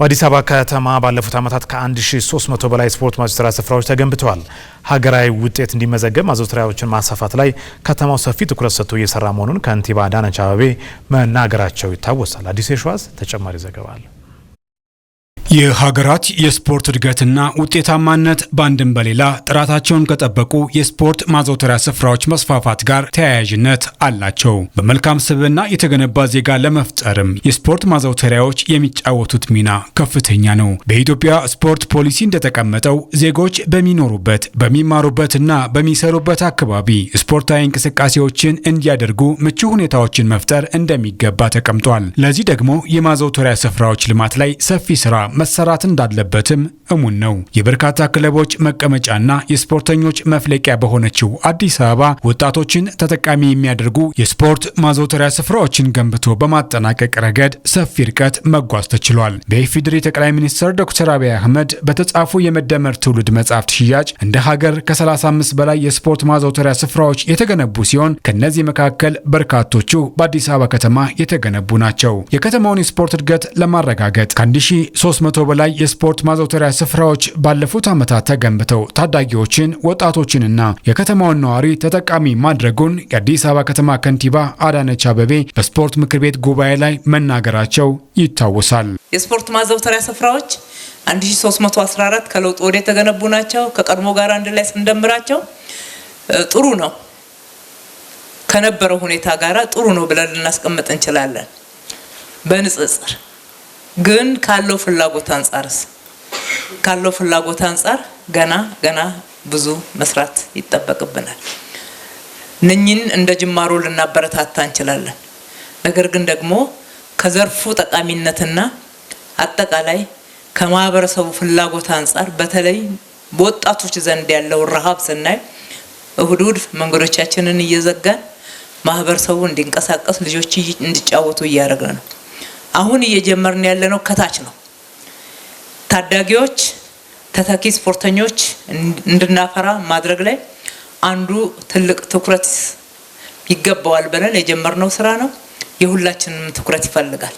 በአዲስ አበባ ከተማ ባለፉት ዓመታት ከ1300 በላይ ስፖርት ማዘውተሪያ ስፍራዎች ተገንብተዋል። ሀገራዊ ውጤት እንዲመዘገብ ማዘውተሪያዎችን ማስፋፋት ላይ ከተማው ሰፊ ትኩረት ሰጥቶ እየሰራ መሆኑን ከንቲባ አዳነች አበቤ መናገራቸው ይታወሳል። አዲስ የሸዋዝ ተጨማሪ ዘገባ የሀገራት የስፖርት እድገትና ውጤታማነት በአንድም በሌላ ጥራታቸውን ከጠበቁ የስፖርት ማዘውተሪያ ስፍራዎች መስፋፋት ጋር ተያያዥነት አላቸው። በመልካም ስብዕና የተገነባ ዜጋ ለመፍጠርም የስፖርት ማዘውተሪያዎች የሚጫወቱት ሚና ከፍተኛ ነው። በኢትዮጵያ ስፖርት ፖሊሲ እንደተቀመጠው ዜጎች በሚኖሩበት፣ በሚማሩበትና በሚሰሩበት አካባቢ ስፖርታዊ እንቅስቃሴዎችን እንዲያደርጉ ምቹ ሁኔታዎችን መፍጠር እንደሚገባ ተቀምጧል። ለዚህ ደግሞ የማዘውተሪያ ስፍራዎች ልማት ላይ ሰፊ ስራ መሰራት እንዳለበትም እሙን ነው። የበርካታ ክለቦች መቀመጫና የስፖርተኞች መፍለቂያ በሆነችው አዲስ አበባ ወጣቶችን ተጠቃሚ የሚያደርጉ የስፖርት ማዘውተሪያ ስፍራዎችን ገንብቶ በማጠናቀቅ ረገድ ሰፊ ርቀት መጓዝ ተችሏል። በኢፌዴሪ ጠቅላይ ሚኒስትር ዶክተር አብይ አህመድ በተጻፉ የመደመር ትውልድ መጽሐፍት ሽያጭ እንደ ሀገር ከ35 በላይ የስፖርት ማዘውተሪያ ስፍራዎች የተገነቡ ሲሆን ከእነዚህ መካከል በርካቶቹ በአዲስ አበባ ከተማ የተገነቡ ናቸው። የከተማውን የስፖርት እድገት ለማረጋገጥ ከ1300 መቶ በላይ የስፖርት ማዘውተሪያ ስፍራዎች ባለፉት ዓመታት ተገንብተው ታዳጊዎችን ወጣቶችንና የከተማውን ነዋሪ ተጠቃሚ ማድረጉን የአዲስ አበባ ከተማ ከንቲባ አዳነች አበቤ በስፖርት ምክር ቤት ጉባኤ ላይ መናገራቸው ይታወሳል። የስፖርት ማዘውተሪያ ስፍራዎች 1314 ከለውጥ ወደ የተገነቡ ናቸው። ከቀድሞ ጋር አንድ ላይ ስንደምራቸው ጥሩ ነው ከነበረው ሁኔታ ጋራ ጥሩ ነው ብለን ልናስቀምጥ እንችላለን በንጽጽር ግን ካለው ፍላጎት አንጻርስ ካለው ፍላጎት አንጻር ገና ገና ብዙ መስራት ይጠበቅብናል። እነኚህን እንደ ጅማሮ ልናበረታታ እንችላለን። ነገር ግን ደግሞ ከዘርፉ ጠቃሚነትና አጠቃላይ ከማህበረሰቡ ፍላጎት አንጻር በተለይ በወጣቶች ዘንድ ያለው ረሃብ ስናይ እሁድ እሁድ መንገዶቻችንን እየዘጋን ማህበረሰቡ እንዲንቀሳቀስ ልጆች እንዲጫወቱ እያደረግን ነው። አሁን እየጀመርን ያለነው ከታች ነው። ታዳጊዎች ተተኪ ስፖርተኞች እንድናፈራ ማድረግ ላይ አንዱ ትልቅ ትኩረት ይገባዋል ብለን የጀመርነው ስራ ነው። የሁላችንም ትኩረት ይፈልጋል።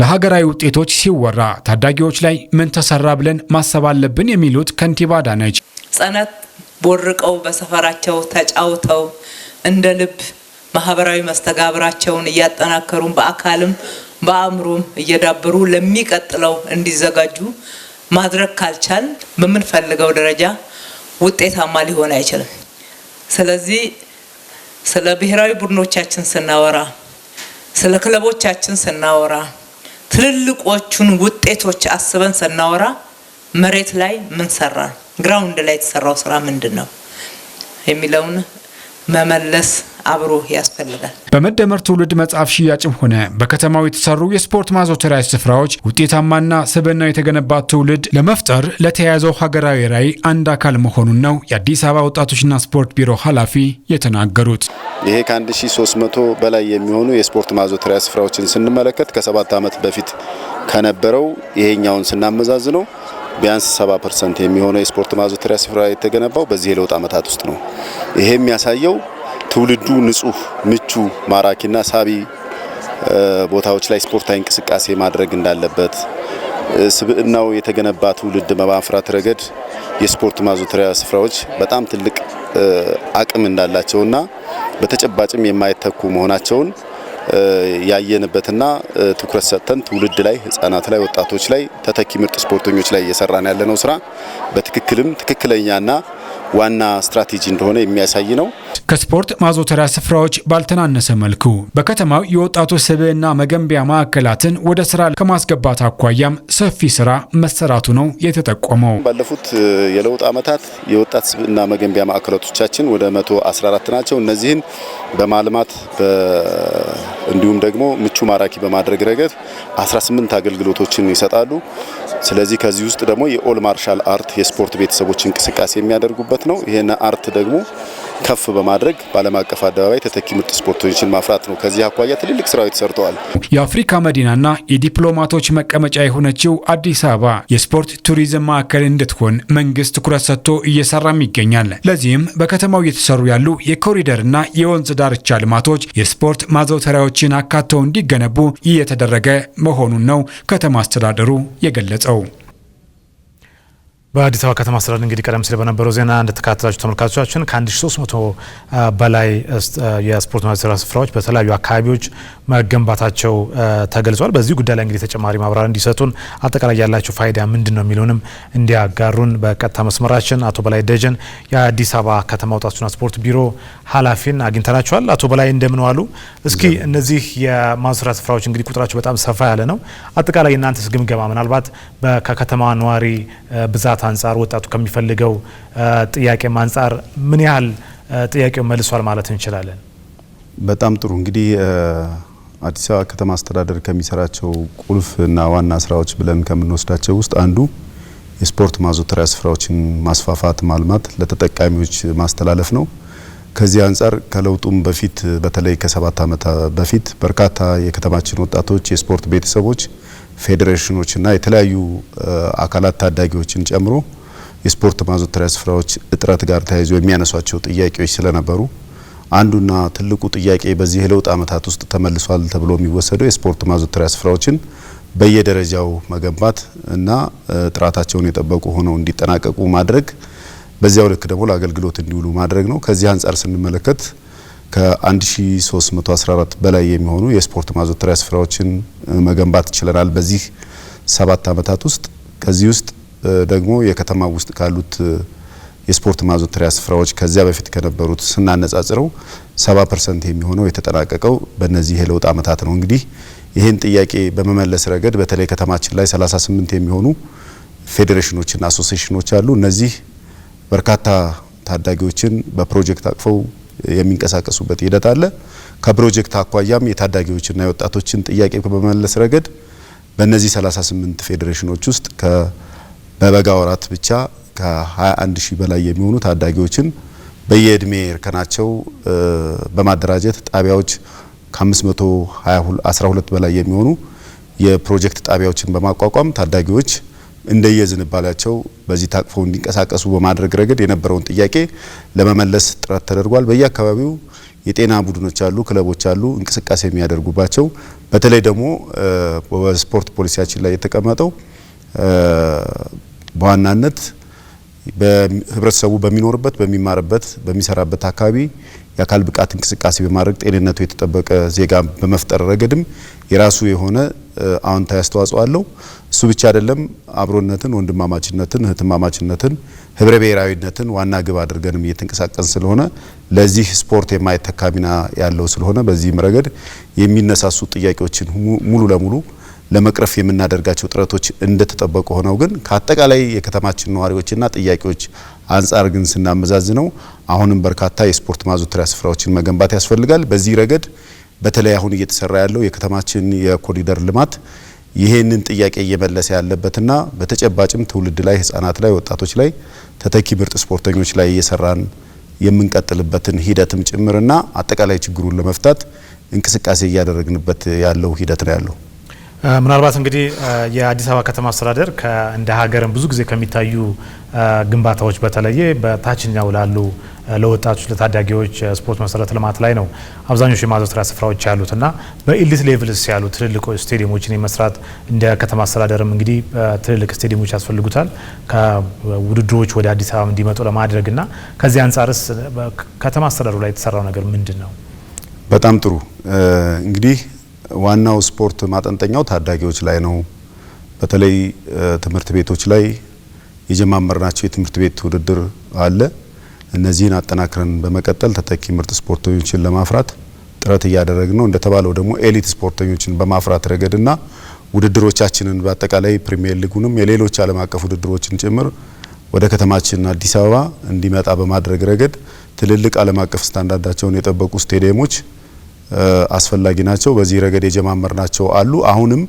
ለሀገራዊ ውጤቶች ሲወራ ታዳጊዎች ላይ ምን ተሰራ ብለን ማሰብ አለብን የሚሉት ከንቲባ አዳነች ሕጻናት ቦርቀው በሰፈራቸው ተጫውተው እንደ ልብ ማህበራዊ መስተጋብራቸውን እያጠናከሩን በአካልም በአእምሮም እየዳበሩ ለሚቀጥለው እንዲዘጋጁ ማድረግ ካልቻል በምንፈልገው ደረጃ ውጤታማ ሊሆን አይችልም። ስለዚህ ስለ ብሔራዊ ቡድኖቻችን ስናወራ፣ ስለ ክለቦቻችን ስናወራ፣ ትልልቆቹን ውጤቶች አስበን ስናወራ መሬት ላይ ምን ግራውንድ ላይ የተሰራው ስራ ምንድን ነው የሚለውን መመለስ አብሮ ያስፈልጋል። በመደመር ትውልድ መጽሐፍ ሽያጭም ሆነ በከተማው የተሰሩ የስፖርት ማዘውተሪያ ስፍራዎች ውጤታማና ስብና የተገነባ ትውልድ ለመፍጠር ለተያያዘው ሀገራዊ ራዕይ አንድ አካል መሆኑን ነው የአዲስ አበባ ወጣቶችና ስፖርት ቢሮ ኃላፊ የተናገሩት። ይሄ ከ1300 በላይ የሚሆኑ የስፖርት ማዘውተሪያ ስፍራዎችን ስንመለከት ከሰባት ዓመት በፊት ከነበረው ይሄኛውን ስናመዛዝነው ቢያንስ 70 ፐርሰንት የሚሆነው የስፖርት ማዘውተሪያ ስፍራ የተገነባው በዚህ የለውጥ ዓመታት ውስጥ ነው። ይሄ የሚያሳየው ትውልዱ ንጹህ፣ ምቹ፣ ማራኪና ሳቢ ቦታዎች ላይ ስፖርታዊ እንቅስቃሴ ማድረግ እንዳለበት ስብዕናው የተገነባ ትውልድ በማፍራት ረገድ የስፖርት ማዘውተሪያ ስፍራዎች በጣም ትልቅ አቅም እንዳላቸውና በተጨባጭም የማይተኩ መሆናቸውን ያየንበትና ትኩረት ሰጥተን ትውልድ ላይ ህጻናት ላይ ወጣቶች ላይ ተተኪ ምርጥ ስፖርተኞች ላይ እየሰራን ያለነው ስራ በትክክልም ትክክለኛና ዋና ስትራቴጂ እንደሆነ የሚያሳይ ነው። ከስፖርት ማዘውተሪያ ስፍራዎች ባልተናነሰ መልኩ በከተማው የወጣቶች ስብዕና መገንቢያ ማዕከላትን ወደ ስራ ከማስገባት አኳያም ሰፊ ስራ መሰራቱ ነው የተጠቆመው። ባለፉት የለውጥ ዓመታት የወጣት ስብዕና መገንቢያ ማዕከላቶቻችን ወደ 114 ናቸው። እነዚህን በማልማት እንዲሁም ደግሞ ምቹ ማራኪ በማድረግ ረገድ 18 አገልግሎቶችን ይሰጣሉ። ስለዚህ ከዚህ ውስጥ ደግሞ የኦል ማርሻል አርት የስፖርት ቤተሰቦች እንቅስቃሴ የሚያደርጉበት ነው። ይህን አርት ደግሞ ከፍ በማድረግ በዓለም አቀፍ አደባባይ ተተኪ ምርጥ ስፖርተኞችን ማፍራት ነው። ከዚህ አኳያ ትልልቅ ስራዎች ሰርተዋል። የአፍሪካ መዲናና የዲፕሎማቶች መቀመጫ የሆነችው አዲስ አበባ የስፖርት ቱሪዝም ማዕከል እንድትሆን መንግስት ትኩረት ሰጥቶ እየሰራም ይገኛል። ለዚህም በከተማው እየተሰሩ ያሉ የኮሪደርና የወንዝ ዳርቻ ልማቶች የስፖርት ማዘውተሪያዎችን አካተው እንዲገነቡ እየተደረገ መሆኑን ነው ከተማ አስተዳደሩ የገለጸው። በአዲስ አበባ ከተማ አስተዳደር እንግዲህ ቀደም ሲል በነበረው ዜና እንደተካተላችሁ ተመልካቾቻችን ከ1300 በላይ የስፖርት ማዘውተሪያ ስፍራዎች በተለያዩ አካባቢዎች መገንባታቸው ተገልጿል። በዚህ ጉዳይ ላይ እንግዲህ ተጨማሪ ማብራሪያ እንዲሰጡን አጠቃላይ ያላቸው ፋይዳ ምንድን ነው የሚለውንም እንዲያጋሩን በቀጥታ መስመራችን አቶ በላይ ደጀን የአዲስ አበባ ከተማ ወጣቶችና ስፖርት ቢሮ ኃላፊን አግኝተናቸዋል። አቶ በላይ እንደምን ዋሉ? እስኪ እነዚህ የማዘውተሪያ ስፍራዎች እንግዲህ ቁጥራቸው በጣም ሰፋ ያለ ነው። አጠቃላይ እናንተስ ግምገማ ምናልባት ከከተማ ነዋሪ ብዛት አንጻር ወጣቱ ከሚፈልገው ጥያቄም አንጻር ምን ያህል ጥያቄው መልሷል ማለት እንችላለን? በጣም ጥሩ እንግዲህ አዲስ አበባ ከተማ አስተዳደር ከሚሰራቸው ቁልፍና ዋና ስራዎች ብለን ከምንወስዳቸው ውስጥ አንዱ የስፖርት ማዘውተሪያ ስፍራዎችን ማስፋፋት፣ ማልማት፣ ለተጠቃሚዎች ማስተላለፍ ነው። ከዚህ አንጻር ከለውጡም በፊት በተለይ ከሰባት ዓመት በፊት በርካታ የከተማችን ወጣቶች የስፖርት ቤተሰቦች ፌዴሬሽኖችና የተለያዩ አካላት ታዳጊዎችን ጨምሮ የስፖርት ማዘውተሪያ ስፍራዎች እጥረት ጋር ተያይዞ የሚያነሷቸው ጥያቄዎች ስለነበሩ አንዱና ትልቁ ጥያቄ በዚህ የለውጥ ዓመታት ውስጥ ተመልሷል ተብሎ የሚወሰደው የስፖርት ማዘውተሪያ ስፍራዎችን በየደረጃው መገንባት እና ጥራታቸውን የጠበቁ ሆነው እንዲጠናቀቁ ማድረግ፣ በዚያው ልክ ደግሞ ለአገልግሎት እንዲውሉ ማድረግ ነው። ከዚህ አንጻር ስንመለከት ከ1314 በላይ የሚሆኑ የስፖርት ማዘውተሪያ ስፍራዎችን መገንባት ችለናል በዚህ ሰባት ዓመታት ውስጥ። ከዚህ ውስጥ ደግሞ የከተማ ውስጥ ካሉት የስፖርት ማዘውተሪያ ስፍራዎች ከዚያ በፊት ከነበሩት ስናነጻጽረው 70 ፐርሰንት የሚሆነው የተጠናቀቀው በእነዚህ የለውጥ ዓመታት ነው። እንግዲህ ይህን ጥያቄ በመመለስ ረገድ በተለይ ከተማችን ላይ 38 የሚሆኑ ፌዴሬሽኖችና አሶሴሽኖች አሉ። እነዚህ በርካታ ታዳጊዎችን በፕሮጀክት አቅፈው የሚንቀሳቀሱበት ሂደት አለ። ከፕሮጀክት አኳያም የታዳጊዎችና የወጣቶችን ጥያቄ በመመለስ ረገድ በእነዚህ 38 ፌዴሬሽኖች ውስጥ በበጋ ወራት ብቻ ከ21 ሺህ በላይ የሚሆኑ ታዳጊዎችን በየእድሜ እርከናቸው በማደራጀት ጣቢያዎች ከ512 በላይ የሚሆኑ የፕሮጀክት ጣቢያዎችን በማቋቋም ታዳጊዎች እንደየዝንባላቸው በዚህ ታቅፈው እንዲንቀሳቀሱ በማድረግ ረገድ የነበረውን ጥያቄ ለመመለስ ጥረት ተደርጓል። በየአካባቢው የጤና ቡድኖች አሉ፣ ክለቦች አሉ እንቅስቃሴ የሚያደርጉባቸው በተለይ ደግሞ በስፖርት ፖሊሲያችን ላይ የተቀመጠው በዋናነት በህብረተሰቡ በሚኖርበት በሚማርበት በሚሰራበት አካባቢ የአካል ብቃት እንቅስቃሴ በማድረግ ጤንነቱ የተጠበቀ ዜጋ በመፍጠር ረገድም የራሱ የሆነ አዎንታዊ አስተዋጽኦ አለው። እሱ ብቻ አይደለም። አብሮነትን፣ ወንድማማችነትን፣ እህትማማችነትን፣ ህብረ ብሔራዊነትን ዋና ግብ አድርገንም እየተንቀሳቀስን ስለሆነ ለዚህ ስፖርት የማይተካ ሚና ያለው ስለሆነ በዚህም ረገድ የሚነሳሱ ጥያቄዎችን ሙሉ ለሙሉ ለመቅረፍ የምናደርጋቸው ጥረቶች እንደተጠበቁ ሆነው ግን ከአጠቃላይ የከተማችን ነዋሪዎችና ጥያቄዎች አንጻር ግን ስናመዛዝነው አሁንም በርካታ የስፖርት ማዘውተሪያ ስፍራዎችን መገንባት ያስፈልጋል። በዚህ ረገድ በተለይ አሁን እየተሰራ ያለው የከተማችን የኮሪደር ልማት ይሄንን ጥያቄ እየመለሰ ያለበትና በተጨባጭም ትውልድ ላይ ህጻናት ላይ ወጣቶች ላይ ተተኪ ምርጥ ስፖርተኞች ላይ እየሰራን የምንቀጥልበትን ሂደትም ጭምርና አጠቃላይ ችግሩን ለመፍታት እንቅስቃሴ እያደረግንበት ያለው ሂደት ነው ያለው። ምናልባት እንግዲህ የአዲስ አበባ ከተማ አስተዳደር እንደ ሀገርም ብዙ ጊዜ ከሚታዩ ግንባታዎች በተለየ በታችኛው ላሉ ለወጣቶች ለታዳጊዎች ስፖርት መሰረተ ልማት ላይ ነው አብዛኞቹ የማዘውተሪያ ስፍራዎች ያሉት እና በኢሊት ሌቭልስ ያሉ ትልልቅ ስቴዲየሞችን የመስራት እንደ ከተማ አስተዳደርም እንግዲህ ትልልቅ ስቴዲየሞች ያስፈልጉታል ከውድድሮች ወደ አዲስ አበባ እንዲመጡ ለማድረግ እና ከዚህ አንጻርስ ከተማ አስተዳደሩ ላይ የተሰራው ነገር ምንድን ነው? በጣም ጥሩ እንግዲህ ዋናው ስፖርት ማጠንጠኛው ታዳጊዎች ላይ ነው። በተለይ ትምህርት ቤቶች ላይ የጀማመርናቸው የትምህርት ቤት ውድድር አለ። እነዚህን አጠናክረን በመቀጠል ተተኪ ምርጥ ስፖርተኞችን ለማፍራት ጥረት እያደረግ ነው። እንደተባለው ደግሞ ኤሊት ስፖርተኞችን በማፍራት ረገድና ውድድሮቻችንን በአጠቃላይ ፕሪሚየር ሊጉንም የሌሎች ዓለም አቀፍ ውድድሮችን ጭምር ወደ ከተማችን አዲስ አበባ እንዲመጣ በማድረግ ረገድ ትልልቅ ዓለም አቀፍ ስታንዳርዳቸውን የጠበቁ ስቴዲየሞች አስፈላጊ ናቸው። በዚህ ረገድ የጀማመርናቸው አሉ። አሁንም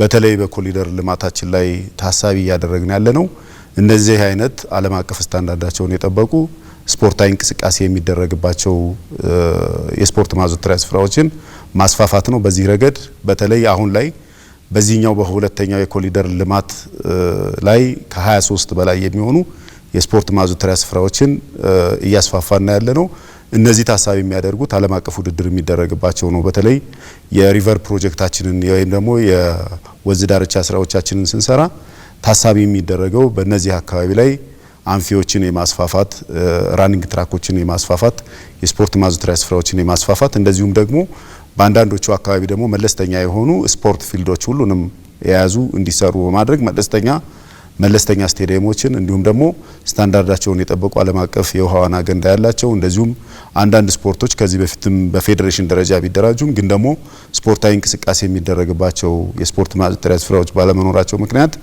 በተለይ በኮሊደር ልማታችን ላይ ታሳቢ እያደረግን ያለ ነው። እነዚህ አይነት ዓለም አቀፍ ስታንዳርዳቸውን የጠበቁ ስፖርታዊ እንቅስቃሴ የሚደረግባቸው የስፖርት ማዘውተሪያ ስፍራዎችን ማስፋፋት ነው። በዚህ ረገድ በተለይ አሁን ላይ በዚህኛው በሁለተኛው የኮሊደር ልማት ላይ ከ23 በላይ የሚሆኑ የስፖርት ማዘውተሪያ ስፍራዎችን እያስፋፋና ያለ ነው። እነዚህ ታሳቢ የሚያደርጉት ዓለም አቀፍ ውድድር የሚደረግባቸው ነው። በተለይ የሪቨር ፕሮጀክታችንን ወይም ደግሞ የወንዝ ዳርቻ ስራዎቻችንን ስንሰራ ታሳቢ የሚደረገው በእነዚህ አካባቢ ላይ አንፊዎችን የማስፋፋት ራኒንግ ትራኮችን የማስፋፋት የስፖርት ማዘውተሪያ ስፍራዎችን የማስፋፋት እንደዚሁም ደግሞ በአንዳንዶቹ አካባቢ ደግሞ መለስተኛ የሆኑ ስፖርት ፊልዶች ሁሉንም የያዙ እንዲሰሩ በማድረግ መለስተኛ መለስተኛ ስቴዲየሞችን እንዲሁም ደግሞ ስታንዳርዳቸውን የጠበቁ ዓለም አቀፍ የውሃ ዋና ገንዳ ያላቸው እንደዚሁም አንዳንድ ስፖርቶች ከዚህ በፊትም በፌዴሬሽን ደረጃ ቢደራጁም ግን ደግሞ ስፖርታዊ እንቅስቃሴ የሚደረግባቸው የስፖርት ማዘውተሪያ ስፍራዎች ባለመኖራቸው ምክንያት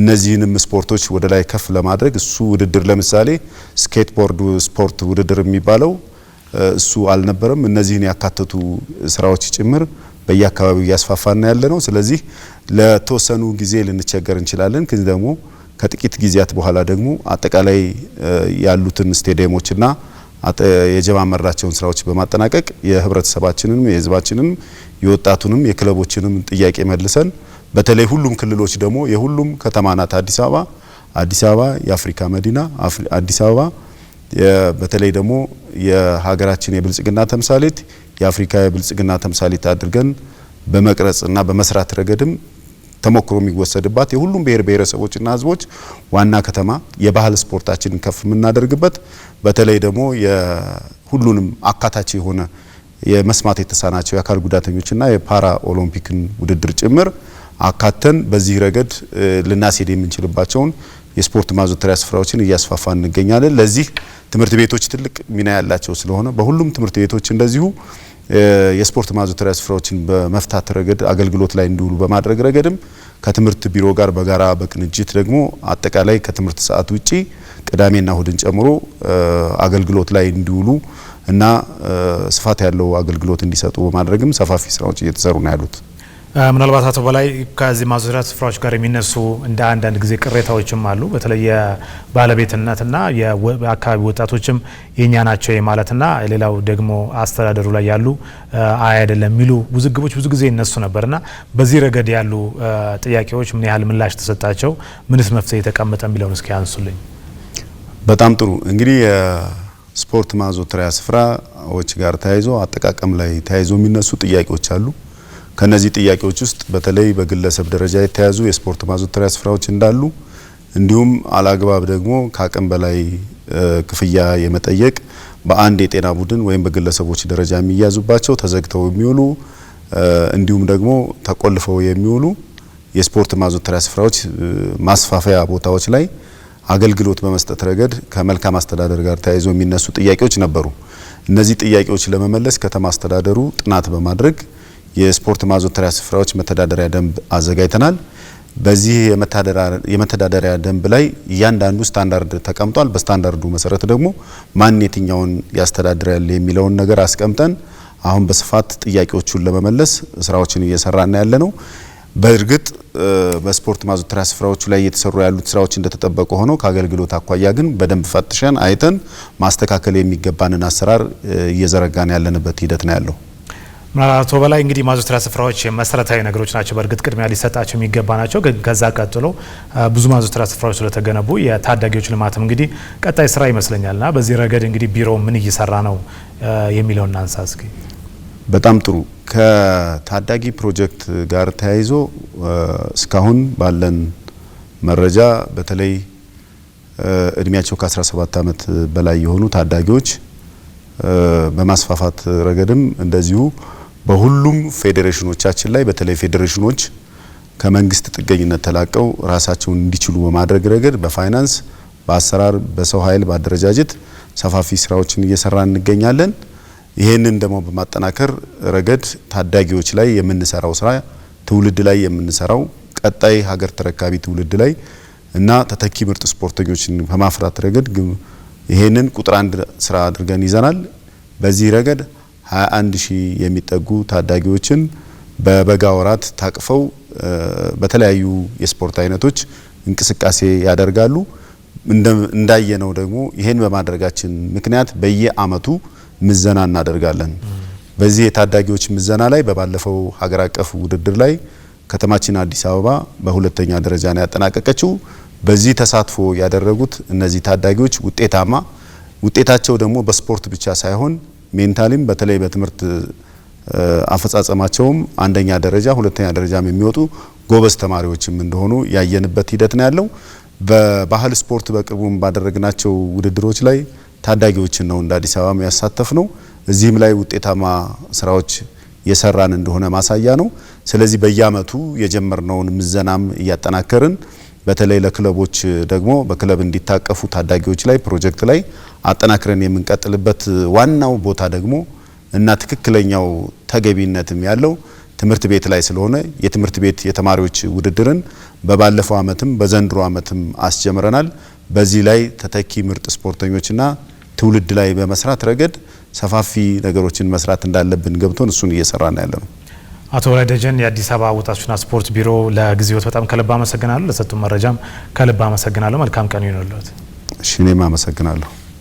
እነዚህንም ስፖርቶች ወደ ላይ ከፍ ለማድረግ እሱ ውድድር ለምሳሌ ስኬትቦርድ ስፖርት ውድድር የሚባለው እሱ አልነበረም። እነዚህን ያካተቱ ስራዎች ጭምር በየአካባቢው እያስፋፋና ያለ ነው። ስለዚህ ለተወሰኑ ጊዜ ልንቸገር እንችላለን ግን ደግሞ ከጥቂት ጊዜያት በኋላ ደግሞ አጠቃላይ ያሉትን ስቴዲየሞችና የጀማመራቸውን ስራዎች በማጠናቀቅ የህብረተሰባችንንም የህዝባችንም የወጣቱንም የክለቦችንም ጥያቄ መልሰን በተለይ ሁሉም ክልሎች ደግሞ የሁሉም ከተማ ናት አዲስ አበባ። አዲስ አበባ የአፍሪካ መዲና፣ አዲስ አበባ በተለይ ደግሞ የሀገራችን የብልጽግና ተምሳሌት፣ የአፍሪካ የብልጽግና ተምሳሌት አድርገን በመቅረጽና በመስራት ረገድም ተሞክሮ የሚወሰድባት የሁሉም ብሔር ብሔረሰቦችና ህዝቦች ዋና ከተማ የባህል ስፖርታችንን ከፍ የምናደርግበት በተለይ ደግሞ የሁሉንም አካታች የሆነ የመስማት የተሳናቸው የአካል ጉዳተኞችና የፓራ ኦሎምፒክን ውድድር ጭምር አካተን በዚህ ረገድ ልናስሄድ የምንችልባቸውን የስፖርት ማዘውተሪያ ስፍራዎችን እያስፋፋ እንገኛለን። ለዚህ ትምህርት ቤቶች ትልቅ ሚና ያላቸው ስለሆነ በሁሉም ትምህርት ቤቶች እንደዚሁ የስፖርት ማዘውተሪያ ስፍራዎችን በመፍታት ረገድ አገልግሎት ላይ እንዲውሉ በማድረግ ረገድም ከትምህርት ቢሮ ጋር በጋራ በቅንጅት ደግሞ አጠቃላይ ከትምህርት ሰዓት ውጪ ቅዳሜና እሁድን ጨምሮ አገልግሎት ላይ እንዲውሉ እና ስፋት ያለው አገልግሎት እንዲሰጡ በማድረግም ሰፋፊ ስራዎች እየተሰሩ ነው ያሉት። ምናልባት አቶ በላይ ከዚህ ማዘውተሪያ ስፍራዎች ጋር የሚነሱ እንደ አንዳንድ ጊዜ ቅሬታዎችም አሉ። በተለይ የባለቤትነትና የአካባቢ ወጣቶችም የኛ ናቸው የማለትና ሌላው ደግሞ አስተዳደሩ ላይ ያሉ አይ አይደለም የሚሉ ውዝግቦች ብዙ ጊዜ ይነሱ ነበርና በዚህ ረገድ ያሉ ጥያቄዎች ምን ያህል ምላሽ ተሰጣቸው? ምንስ መፍትሄ የተቀመጠ የሚለውን እስኪ ያንሱልኝ። በጣም ጥሩ እንግዲህ የስፖርት ማዘውተሪያ ስፍራዎች ጋር ተያይዞ አጠቃቀም ላይ ተያይዞ የሚነሱ ጥያቄዎች አሉ። ከነዚህ ጥያቄዎች ውስጥ በተለይ በግለሰብ ደረጃ የተያዙ የስፖርት ማዘውተሪያ ስፍራዎች እንዳሉ እንዲሁም አላግባብ ደግሞ ከአቅም በላይ ክፍያ የመጠየቅ በአንድ የጤና ቡድን ወይም በግለሰቦች ደረጃ የሚያዙባቸው ተዘግተው የሚውሉ እንዲሁም ደግሞ ተቆልፈው የሚውሉ የስፖርት ማዘውተሪያ ስፍራዎች ማስፋፊያ ቦታዎች ላይ አገልግሎት በመስጠት ረገድ ከመልካም አስተዳደር ጋር ተያይዞ የሚነሱ ጥያቄዎች ነበሩ። እነዚህ ጥያቄዎች ለመመለስ ከተማ አስተዳደሩ ጥናት በማድረግ የስፖርት ማዘውተሪያ ስፍራዎች መተዳደሪያ ደንብ አዘጋጅተናል። በዚህ የመተዳደሪያ ደንብ ላይ እያንዳንዱ ስታንዳርድ ተቀምጧል። በስታንዳርዱ መሰረት ደግሞ ማን የትኛውን ያስተዳድራል የሚለውን ነገር አስቀምጠን አሁን በስፋት ጥያቄዎቹን ለመመለስ ስራዎችን እየሰራና ያለ ነው። በእርግጥ በስፖርት ማዘውተሪያ ስፍራዎቹ ላይ እየተሰሩ ያሉት ስራዎች እንደተጠበቁ ሆኖ ከአገልግሎት አኳያ ግን በደንብ ፈትሸን አይተን ማስተካከል የሚገባንን አሰራር እየዘረጋን ያለንበት ሂደት ነው ያለው። አቶ በላይ እንግዲህ ማዘውተሪያ ስፍራዎች መሰረታዊ ነገሮች ናቸው። በእርግጥ ቅድሚያ ሊሰጣቸው የሚገባ ናቸው። ግን ከዛ ቀጥሎ ብዙ ማዘውተሪያ ስፍራዎች ስለተገነቡ የታዳጊዎች ልማትም እንግዲህ ቀጣይ ስራ ይመስለኛልና በዚህ ረገድ እንግዲህ ቢሮ ምን እየሰራ ነው የሚለውን እናንሳ እስኪ። በጣም ጥሩ። ከታዳጊ ፕሮጀክት ጋር ተያይዞ እስካሁን ባለን መረጃ በተለይ እድሜያቸው ከ17 ዓመት በላይ የሆኑ ታዳጊዎች በማስፋፋት ረገድም እንደዚሁ በሁሉም ፌዴሬሽኖቻችን ላይ በተለይ ፌዴሬሽኖች ከመንግስት ጥገኝነት ተላቀው ራሳቸውን እንዲችሉ በማድረግ ረገድ በፋይናንስ፣ በአሰራር፣ በሰው ኃይል፣ በአደረጃጀት ሰፋፊ ስራዎችን እየሰራ እንገኛለን። ይህንን ደግሞ በማጠናከር ረገድ ታዳጊዎች ላይ የምንሰራው ስራ ትውልድ ላይ የምንሰራው ቀጣይ ሀገር ተረካቢ ትውልድ ላይ እና ተተኪ ምርጥ ስፖርተኞችን በማፍራት ረገድ ይህንን ቁጥር አንድ ስራ አድርገን ይዘናል። በዚህ ረገድ 21 ሺህ የሚጠጉ ታዳጊዎችን በበጋ ወራት ታቅፈው በተለያዩ የስፖርት አይነቶች እንቅስቃሴ ያደርጋሉ። እንዳየነው ደግሞ ይሄን በማድረጋችን ምክንያት በየአመቱ ምዘና እናደርጋለን። በዚህ የታዳጊዎች ምዘና ላይ በባለፈው ሀገር አቀፍ ውድድር ላይ ከተማችን አዲስ አበባ በሁለተኛ ደረጃ ነው ያጠናቀቀችው። በዚህ ተሳትፎ ያደረጉት እነዚህ ታዳጊዎች ውጤታማ ውጤታቸው ደግሞ በስፖርት ብቻ ሳይሆን ሜንታሊም በተለይ በትምህርት አፈጻጸማቸውም አንደኛ ደረጃ ሁለተኛ ደረጃም የሚወጡ ጎበዝ ተማሪዎችም እንደሆኑ ያየንበት ሂደት ነው ያለው። በባህል ስፖርት በቅርቡም ባደረግናቸው ውድድሮች ላይ ታዳጊዎችን ነው እንደ አዲስ አበባ ያሳተፍ ነው። እዚህም ላይ ውጤታማ ስራዎች የሰራን እንደሆነ ማሳያ ነው። ስለዚህ በየአመቱ የጀመርነውን ምዘናም እያጠናከርን በተለይ ለክለቦች ደግሞ በክለብ እንዲታቀፉ ታዳጊዎች ላይ ፕሮጀክት ላይ አጠናክረን የምንቀጥልበት ዋናው ቦታ ደግሞ እና ትክክለኛው ተገቢነትም ያለው ትምህርት ቤት ላይ ስለሆነ የትምህርት ቤት የተማሪዎች ውድድርን በባለፈው ዓመትም በዘንድሮ ዓመትም አስጀምረናል። በዚህ ላይ ተተኪ ምርጥ ስፖርተኞችና ትውልድ ላይ በመስራት ረገድ ሰፋፊ ነገሮችን መስራት እንዳለብን ገብቶን እሱን እየሰራን ያለ ነው። አቶ ወዳጀን የአዲስ አበባ ወጣቶችና ስፖርት ቢሮ ለጊዜዎት በጣም ከልብ አመሰግናለሁ። ለሰጡ መረጃም ከልብ አመሰግናለሁ። መልካም ቀን ይሁንልዎት። እሺ እኔም አመሰግናለሁ።